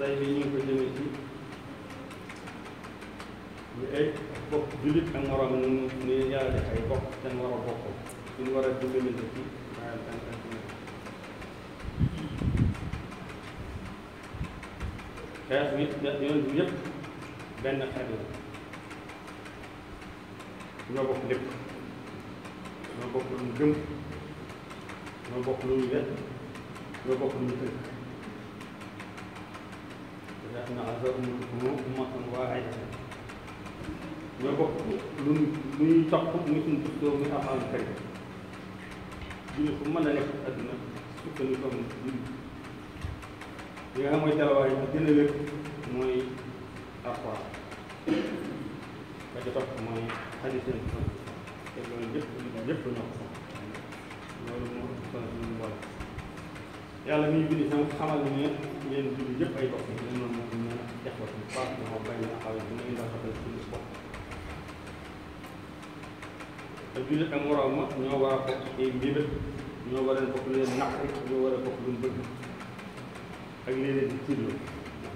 tay bi ñu ko jëme ci ñu ay bokk jullit ak moroom ni ni yàlla def ay bokk ten war a bokk suñu war a dimbalante ci maanaam tànkante xeex yoon bi yëpp benn xeet la ñoo bokk lépp ñoo bokk lu ñu gëm ñoo bokk lu ñu wet ñoo bokk lu ñu tënk yàlla na ko moom ummatan waahidatan ñoo bokk lu lu ñuy mu muy suñu dugub muy Alxuraan karim jullit fu mën a nekk àdduna sukkandiku am jullit li nga xam mooy terawaay bi gën a wér mooy Alxuraan ba ci topp mooy xadiis seen te loolu lépp lépp ñoo ko loolu moo tax ñu mbooloo yàlla mi ñu bind nag xamal ne yéen julli yëpp ay bopp yi noonu moom ñu ne jaxas bu baax na xaw bàyyi na xaw yi dinañ rafetal suñu bopp te jullit ndax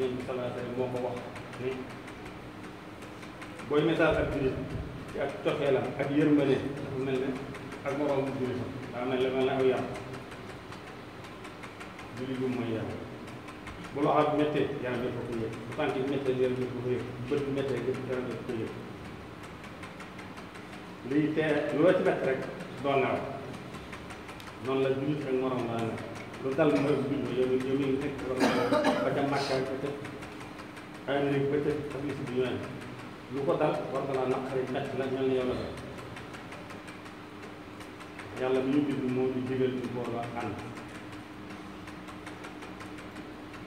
yéen bi salaata moo ko wax booy message ak jullit ci ak coxee la ak yërmande dafa mel ne ak moroom bu jullit daa mel ne mel ne julli bu mooy yàlla bu loxo bi méttee yaram yëpp ko yëg bu tànk yi méttee yaram yëpp ko yëg bët bi méttee yaram yëpp ko yëg lii la jullit ak morom lu dal mooy jullit ba yow yow mi ngi nekk na ba ca màkka ba ca ay néeg ba ca ak li si bi ñëwee ko dal war na laa naqari mel ni yow la dal yàlla mi ñu bind moo ñu digal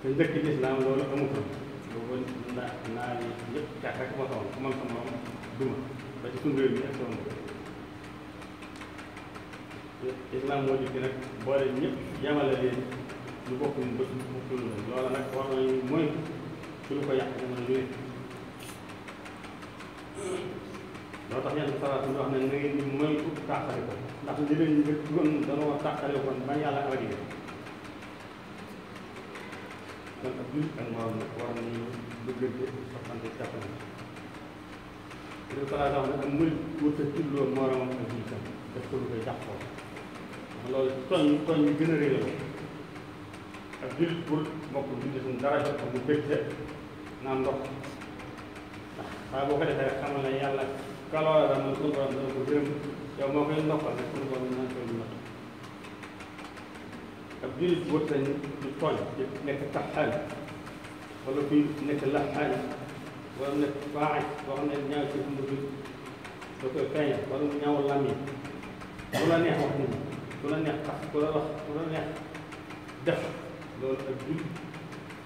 te njëkk lislaam loolu amu ko boobu naa naa yi yëpp càkk rek ma xamoon ku man xam duma ba ci suñu réew mi ak sama islaam moo nag boole ñëpp yemale leen ñu bokk ñu bët bokkul loola nag war mooy su lu ko yàq dama lu ne loo tax yenn salaat ñu wax ne na ngeen di mooy tàqale ko ndax li leen ñu gën doon danoo tàqale ko ba yàlla alal gi ñun ak moom war nañu bëggante soxante jàppalante loolu par exemple am mëri wut a tulloo moroomam ak jiitam def ko lu loolu tooñ tooñ bi gën a réy la ak jullit pour mbokk ñu ne suñu dara jot mu bégte naa ndox saa boo ko defee xamal ne yàlla kaloo la ko gërëm yow moo koy ndoxal ne suñu borom dana koy ndox ab jullit wut sañ di tooñ di nekk taxal wala kuy nekk laxaay wala nekk faaxay boo xam ne ñaaw ci mu bi da koy feeñal wala mu ñaaw la neex wax nit ku la neex xas ku la wax ku la neex def loolu ak jub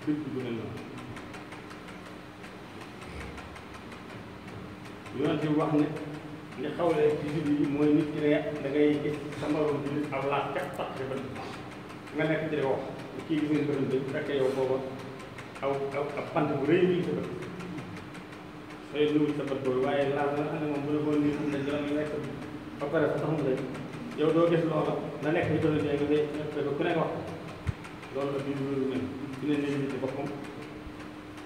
jub bu ne noonu yonent bi wax ne li xawlee ci jub mooy nit ki ne da ngay gis sa morom bi nit ab nga nekk di wax kii gis ngeen bëriñ bi bu yow booba aw aw ab pant bu rëy bi sa bët sooy nuyu sa bët boobu waaye laal la nga moom bu la boole nii xam ne dina nekk ba pare fa taxaw nga yow doo gis loola la nekk ñu doon dégg day fekk ku nekk wax loolu la biir loolu mel dina ne ci boppam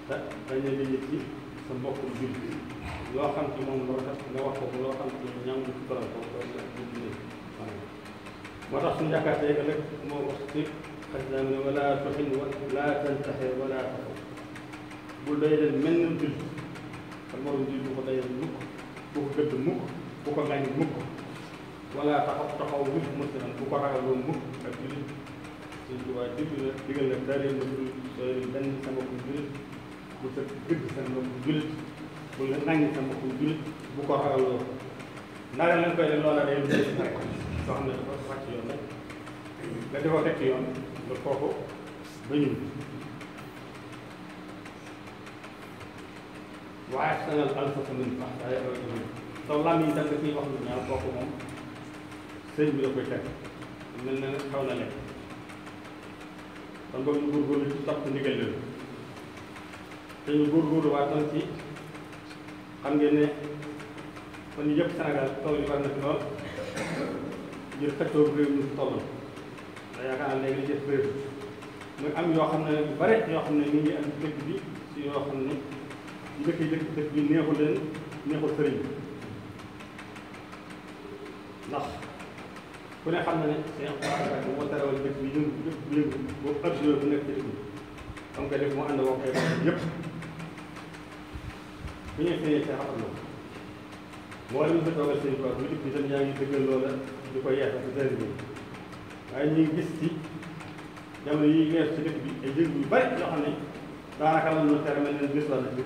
te bañ na ne ci sa mbokkum biir loo xam ci moom loo tax nga wax ko loo xam ci ñam bu ko borom ko moo tax suñu yaakaar tey ëllëg moo wax ci président bi ne wala tuxin wala tantaxe wala taxu bul doyadal mel na jul sa morom jul bu ko doyal mukk bu ko gëdd mukk bu ko gàññ mukk wala taxaw taxaw mukk ak julit suñ sa mbokku julit bu sa gëdd sa mbokku julit bu la nangi sa mbokku julit bu ko ragaloo ndaga lañ koy def loola day lu rek soo xam ne dafa wàcc yoon rek la dafa fekk yoon te kooku bañul waaye sangal alfata min faxtaay aradmin te làmmiñ tam nga ciy wax lu ñaaw kooku moom sëñ bi la koy teg mel na xaw na lekk kon boobu ñu góorgóorlu ci topp ndigal la te ñu góorgóorlu waa tam ci xam ngeen ne kon yëpp Sénégal taw yi war na fi lool ngir xëccoo réew mi te yaakaar naa léegi li def bëri muy am yoo xam ne bu bare yoo xam ne ñu ngi am dëkk bi si yoo xam ne njëkk yi dëkk bi neexul leen na ne c'est important bu moo tarawal dëkk bi yëngu bu nekk dëkk bi xam def mu ànd woo koy yëpp bu ñuy feeñee ca xamal loolu moo leen fa toogal seen tool bu dëkk yaa ngi dëggal loola di ko yeesal ci sëriñ bi waaye ñu ngi gis ci jamono yi ñu dëkk bi ay yëngu yu bari yoo xam ne daanaka la ñu tere mel ne bis la bi.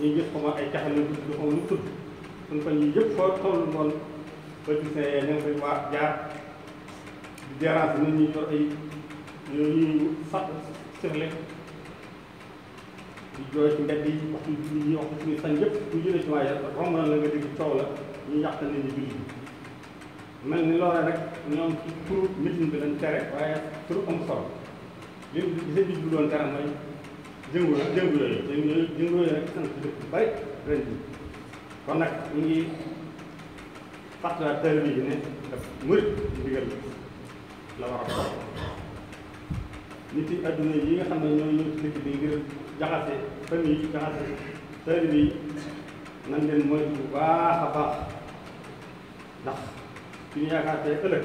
ñu gis ko ma ay caxal yu tudd xaw ma tudd ko ñii yëpp foo toll noonu ba ci sax sirle di jooy ci mbedd yi waxtu bi ñuy wax suñu sañ yëpp ñu jëlee ci waaye romb na la nga dégg coow la ñu yàq nit ñi julli mel ni loola rek ñoom ci turu meeting bi lañ tere waaye turu am solo li li li bu doon mooy jëngu jëngu yooyu jëngu yooyu jëngu yooyu kon nag ñu ngi fàttaliwaat tër bi ne daf murit ndigal la war a ko nit yi adduna yi nga xam ne ñoo ñëw bi ngir jaxase famille yi jaxase tër bi nan leen moytu bu baax a baax ndax suñu yaakaar tey ëllëg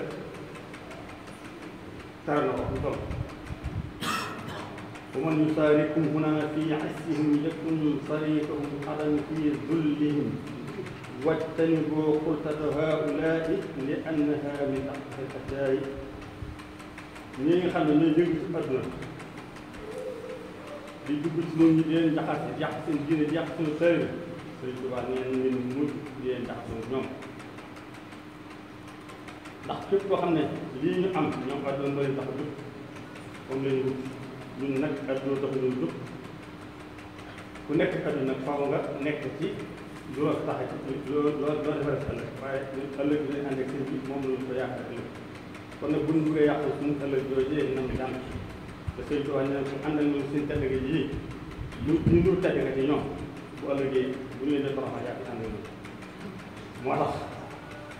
tara na wax lu toll waman yusaarikum huna fi asihim yakun sarikahum alan fi dullihim wajtaniboo xultata haulaai li annaha min aqsal asyaai ñi nga xam ne ñooy yëngu ci adduna di dugg ci ñoom ñi di leen jaxase yàq seen diine yàq seen sëriñ Sëriñ Tuubaa nee na ngeen mujj di leen jaxase ñoom ndax képp ko xam ne lii ñu am ñoom àdduna moo leen tax a jóg moom ñu wut ñun nag ku nekk àdduna nag faaw nga nekk ci loo tax a loo loo defaree sa ëllëg waaye ëllëg bi lay ànd ak ñu ko yàq ëllëg bu ñu bëggee yàq suñu ëllëg yooyu nañ jàng te sëñ bi wax yii ñu ñu dul tedd nga ci ñoom bu ëllëgee bu ñu leen di toroxal yàq ànd ak ñoom moo tax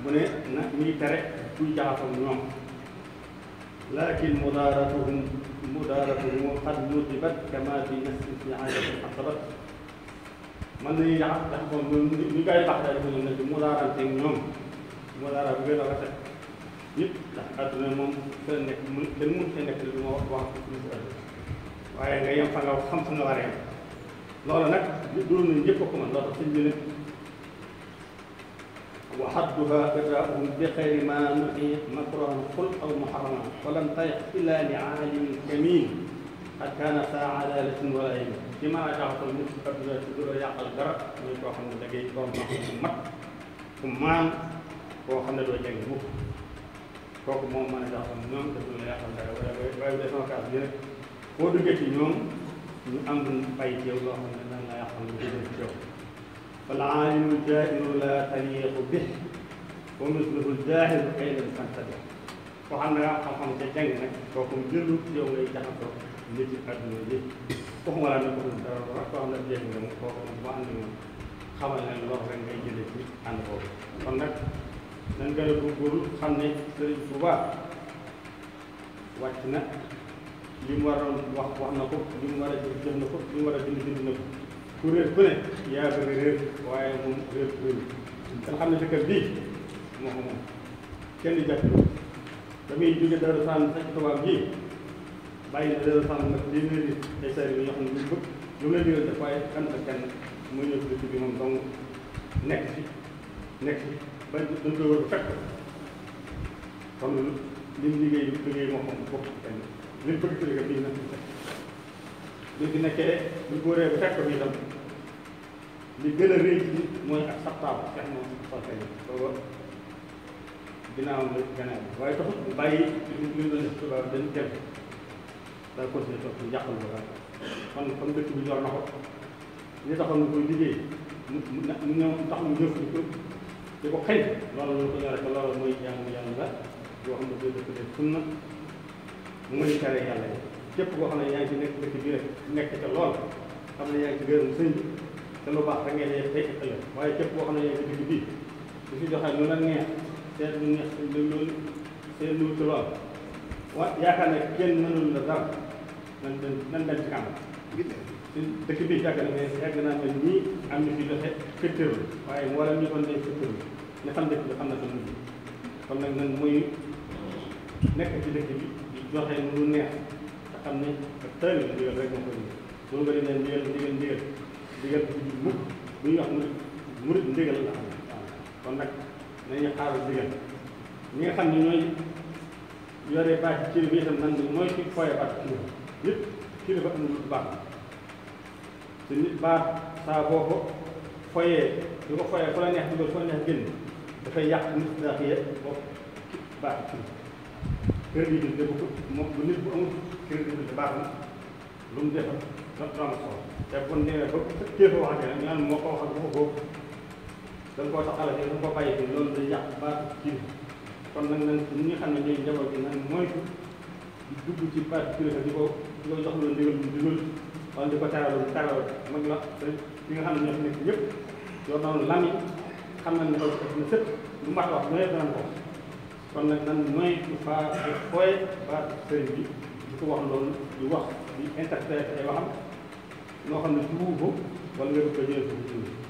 mu ne na muy tere tujaatoon ñoom lakin mudaaratuhum mudaaratuhum qad nudibat kama fi nassin fi aadatin aqabat mën nañu jax dax ko ñu koy tax daal ñu nekk mudaarante ñoom mudaara bu gën a rafet ñëpp ndax mun kenn mun fee nekk lu ma wax waaye nga yem fa nga xam fa nag du nañ ñëpp ko mën loolu tax وحدها إراؤهم بخير ما نحيت مكرها الخلق أو محرما ولم تيق إلا لعالم جميل قد كان ساعة عدالة ولا يمين بما جعلت المسلم قبل تدور يعقل dara muy koo xam ne da ngay doon ma xam ne mag ku maam koo xam ne doo jàng mukk kooku moom mën a jàppal ñoom te du la yàqal dara waaye waaye de sama kaas bi rek boo duggee ci ñoom ñu am bay yow loo xam ne dana la yàqal lu jëm ci yow فالعالم الجائر لا تليق به ومثله الجاهل حين تنفتح koo xam ne xam-xam ca jàng nag kooku jëlu yow ngay jaxasoo nit yi adduna yi waxuma laa ne ko dara dara koo xam ne jàng nga moom kooku moom boo ànd moom xamal ne loolu rek ngay jëlee ci ànd boobu kon nag nañ gën a góorgóorlu xam ne Sëriñ Tuubaa wàcc na li mu waroon wax wax na ko li mu war a jëf jëf na ko li mu war a bind bind na ko ku réer ku ne yaa bëgg réer waaye moom réer ku réer kan xam ne sa kër bii moo ko moom kenn du jàpp da muy jóge Daaru tubaab bii bàyyi na Daaru nag lii ne nit ay xam ne lu bëgg lu mu la digal def waaye kan sa kenn muy ñëw dëkk bi moom dong nekk fi nekk fi ba duñ ko war a fekk kon li mu liggéey liggéey moo xam ne bokkul kenn li bii nag li fi nekkee buñ ko réer bu fekk bi itam li gën a réy ci mooy ak sabtaab fex na soxla yi booba ginnaaw nga gannaaw bi waaye taxut mu bàyyi li ñu doon def tubaab dañ dem daa continuer toog ñu jàppal ko daal kon kon dëkk bi jor na ko li taxoon nga koy liggéey mu mu ñëw tax mu jëf di ko di ko xëy loolu la ko ñore ko loolu mooy jaamu yàlla la yoo xam ne day dëkk de sunna mu ngi tere yàlla yi képp koo xam ne yaa ngi ci nekk dëkk bi rek nekk ca lool xam ne yaa ngi ci gërëm sëñ bi te lu baax rek ngay def tey ëllëg waaye képp koo xam ne yaa ngi ci dëkk bii di si joxe lu la neex te lu neex lu lu te lu ci lool wa yaakaar ne kenn mënul la dara nan dem nan dem ci kanam dëkk bi yàgg na mais yàgg naa mel nii am ñu fi joxe fëttëru waaye mboolem ñu kon dee fëttëru ñu xam dëkk bi xam na ko nit ñi kon nag nan muy nekk ci dëkk bi joxe lu neex xam nañ très bien ndigal rek moo koy ñëw loolu nga di ne ndigal ndigal ndigal ndigal bu ñu wax murid ndigal la am kon nag nañu xaaral ndigal ñi nga xam ne ñooy ci bi itam nan mooy ci fooye baat kilifa nit kilifa am lu baax te nit baat saa boo ko fooyee du ko fooyee fu la neex dugal fu la neex génn dafay yàq nit daax ye bopp baat kilifa crédibilité bu ko moom bu nit bu amul crédibilité baax na lu mu defal da nga am solo te bu nee ba kii fa waxatee nag ñu naan moo ko wax ak ko góob dañ koo taxale te dañ koo bàyyi kon nag nag ñi nga xam ne ñooy njaboot bi nag mooy di dugg ci baatu kilifa di ko di ko jox loolu ndigal ndigal wala di ko taaraloo taaraloo mag la li nga xam ne ñoo fi nekk ñëpp yoo xam ne lan yi xam nañ ne loolu dafa nekk lu mat wax lu nekk danañ ko kon nag nan mooy fa fooy ba sëriñ bi di ko wax loolu di wax bi interpréter ay waxam loo xam ne duwu ko wala nga du ko ñëwee ko